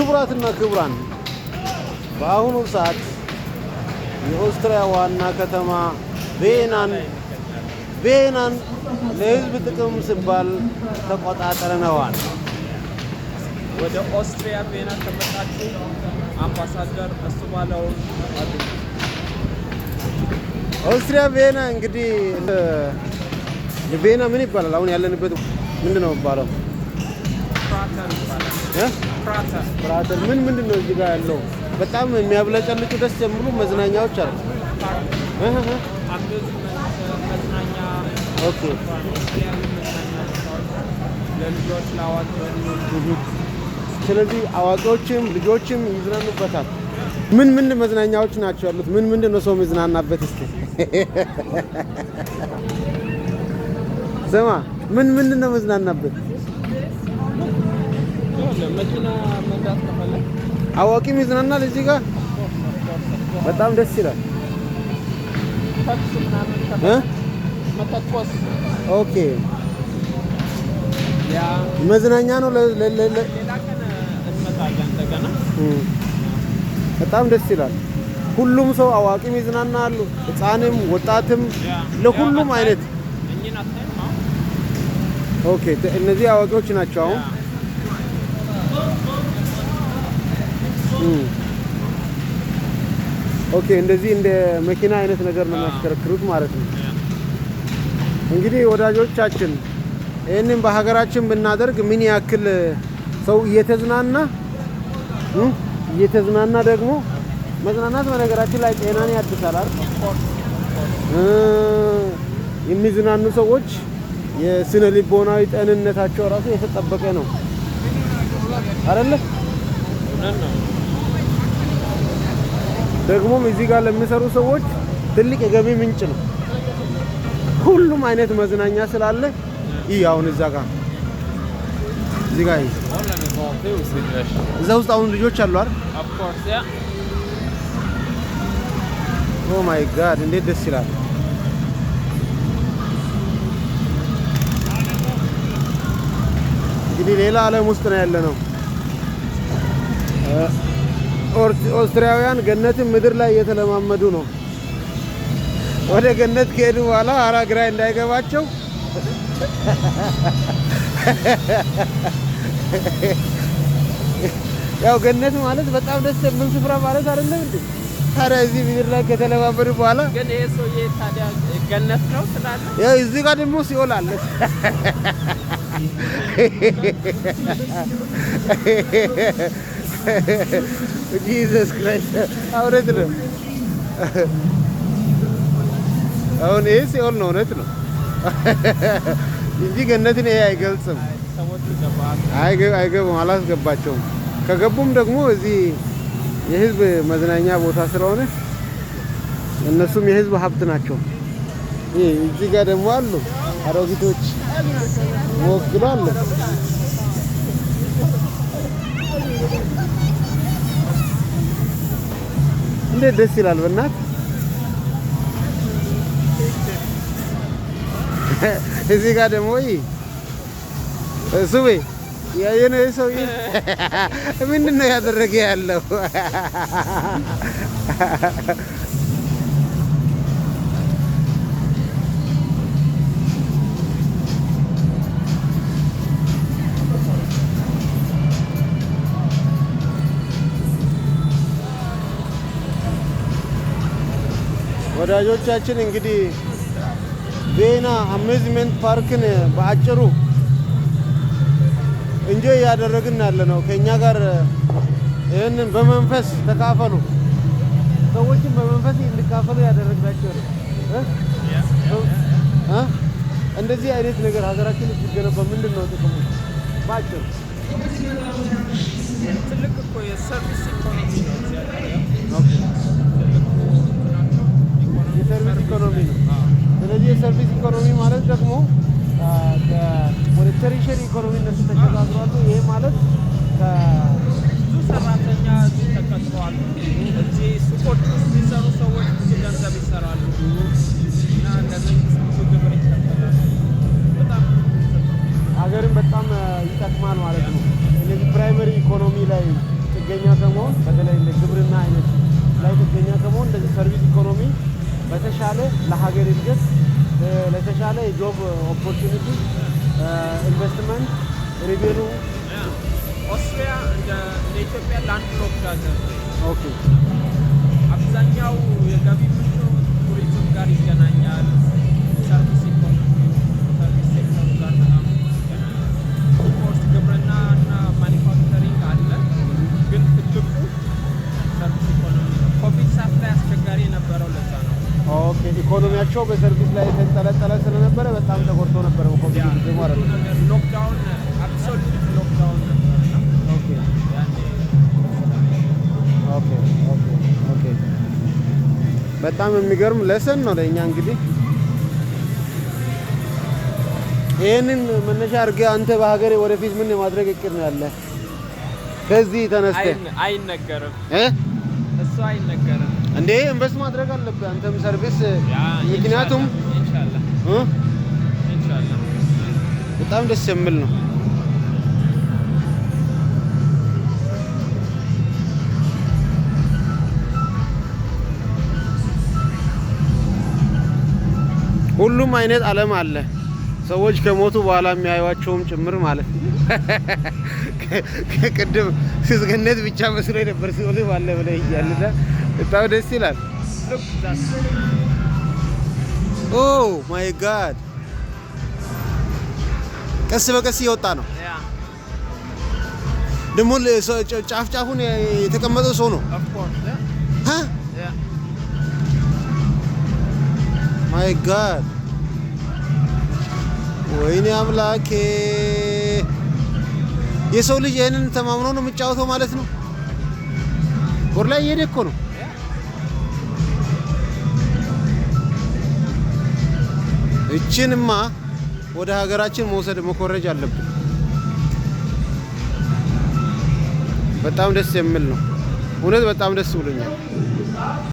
ክቡራትና ክቡራን በአሁኑ ሰዓት የኦስትሪያ ዋና ከተማ ቬናን ቬናን ለህዝብ ጥቅም ሲባል ተቆጣጥረነዋል። ወደ ኦስትሪያ ቬና ከመጣችሁ አምባሳደር እሱ ባለውን ኦስትሪያ ቬና እንግዲህ ቬና ምን ይባላል? አሁን ያለንበት ምንድን ነው የሚባለው? ፕራተር ምን ምንድን ነው እዚህ ጋር ያለው? በጣም የሚያብለጨልጩ ደስ የሚሉ መዝናኛዎች አሉ። ኦኬ ስለዚህ አዋቂዎችም ልጆችም ይዝናኑበታል። ምን ምን መዝናኛዎች ናቸው ያሉት? ምን ምንድን ነው ሰው የሚዝናናበት? እስኪ ስማ፣ ምን ምንድን ነው መዝናናበት? አዋቂም ይዝናናል እዚህ ጋር በጣም ደስ ይላል። ኦኬ መዝናኛ ነው። በጣም ደስ ይላል። ሁሉም ሰው አዋቂም አሉ፣ ህፃንም ወጣትም፣ ለሁሉም አይነት ኦኬ። እነዚህ አዋቂዎች ናቸው አሁን ኦኬ። እንደዚህ እንደ መኪና አይነት ነገር ነው የሚያሽከረክሩት ማለት ነው። እንግዲህ ወዳጆቻችን ይህንን በሀገራችን ብናደርግ ምን ያክል ሰው እየተዝናና እየተዝናና ደግሞ መዝናናት በነገራችን ላይ ጤናን ያድሳል። የሚዝናኑ ሰዎች የስነ ልቦናዊ ጤንነታቸው ራሱ የተጠበቀ ነው አይደለ? ደግሞም እዚህ ጋር ለሚሰሩ ሰዎች ትልቅ የገቢ ምንጭ ነው። ሁሉም አይነት መዝናኛ ስላለ ይህ አሁን እዛ ጋር እዚህ ጋር እዛ ውስጥ አሁን ልጆች አሉ አይደል? ኦ ማይ ጋድ እንዴት ደስ ይላል! እንግዲህ ሌላ ዓለም ውስጥ ነው ያለ ነው። ኦስትሪያውያን ገነትን ምድር ላይ እየተለማመዱ ነው። ወደ ገነት ከሄዱ በኋላ አራ ግራ እንዳይገባቸው ያው ገነት ማለት በጣም ደስ የሚል ስፍራ ማለት አይደለም እንዴ? ታዲያ እዚህ ምድር ላይ ከተለማመዱ በኋላ ግን ይሄ ሰውዬ ታዲያ ገነት ነው ስላለ ያው እዚህ ጋር ደግሞ ሲኦል አለ። ጂዘስ ክራይስት እውነት ነው። አሁን ይሄ ሲኦል ነው፣ እውነት ነው እንጂ ገነትን ይሄ አይገልጽም፣ አይገቡም፣ አላስገባቸውም። ከገቡም ደግሞ እዚህ የህዝብ መዝናኛ ቦታ ስለሆነ እነሱም የህዝብ ሀብት ናቸው። እዚህ ጋር ደግሞ አሉ አሮጊቶች ወክሉ እንዴት ደስ ይላል! በእናት እዚህ ጋር ደግሞ ሱቤ ያየነው ሰውዬ ምንድን ነው ያደረገ ያለው? ወዳጆቻችን እንግዲህ ቬና አሙዝመንት ፓርክን በአጭሩ እንጆ እያደረግን ያለ ነው። ከእኛ ጋር ይህንን በመንፈስ ተካፈሉ። ሰዎችን በመንፈስ እንዲካፈሉ ያደረግናቸው ነው። እንደዚህ አይነት ነገር ሀገራችን ሲገነባ ምንድን ነው ጥቅሙ? በአጭሩ ትልቅ እኮ የሰርቪስ ኢኮኖሚ ነው። ስፖርት ሲሰሩ ሰዎች ብዙ ገንዘብ ይሰራሉ እና እንደዚህ ግብር ይከፈላል። በጣም ሀገርን በጣም ይጠቅማል ማለት ነው። እነዚህ ፕራይመሪ ኢኮኖሚ ላይ ጥገኛ ከመሆን በተለይ እንደ ግብርና አይነት ላይ ጥገኛ ከመሆን እንደዚህ ሰርቪስ ኢኮኖሚ በተሻለ ለሀገር እድገት ለተሻለ የጆብ ኦፖርቹኒቲ ኢንቨስትመንት ሪቬኑ ኦስትሪያ እንደ ኢትዮጵያ ላንድ ሎክድ ሀገር ኦኬ አብዛኛው የገቢ ምንጩ ቱሪዝም ጋር ይገናኛል። ሰርቪስ ሰርቪስ ሴክተሩ ጋር በጣም ይገናኛል። ኢምፖርት ግብርና እና ማኒፋክቸሪንግ አለ፣ ግን ትልቁ ሰርቪስ ኢኮኖሚ ነው። ኮቪድ ሰዓት ላይ አስቸጋሪ የነበረው ለዛ ነው። ኦኬ ኢኮኖሚያቸው በሰርቪስ ላይ የተንጠለጠለ ስለነበረ በጣም ተጎድቶ ነበረ። ኮቪድ ጊዜ ማለት ነው ሎክዳውን አብሶሉት በጣም የሚገርም ለሰን ነው ለኛ። እንግዲህ ይህንን መነሻ አድርገህ አንተ በሀገር ወደፊት ምን የማድረግ እቅድ ነው ያለ? ከዚህ ተነስተህ አይነገርም እ እሱ አይነገርም እንዴ ኢንቨስት ማድረግ አለብህ አንተም ሰርቪስ። ምክንያቱም ኢንሻአላህ ኢንሻአላህ በጣም ደስ የሚል ነው። ሁሉም አይነት አለም አለ። ሰዎች ከሞቱ በኋላ የሚያዩቸውም ጭምር ማለት ነው። ቅድም ገነት ብቻ መስሎ ነበር ሲሆን ባለ ብለ እያልና በጣም ደስ ይላል። ኦ ማይ ጋድ ቀስ በቀስ እየወጣ ነው። ደግሞ ጫፍ ጫፉን የተቀመጠው ሰው ነው። ማይ ጋድ ወይኔ አምላኬ! የሰው ልጅ ይህንን ተማምኖ ነው የምጫወተው ማለት ነው። ጎር ላይ እየሄደ እኮ ነው። እችንማ ወደ ሀገራችን መውሰድ መኮረጅ አለብን። በጣም ደስ የሚል ነው እውነት፣ በጣም ደስ ብሎኛል።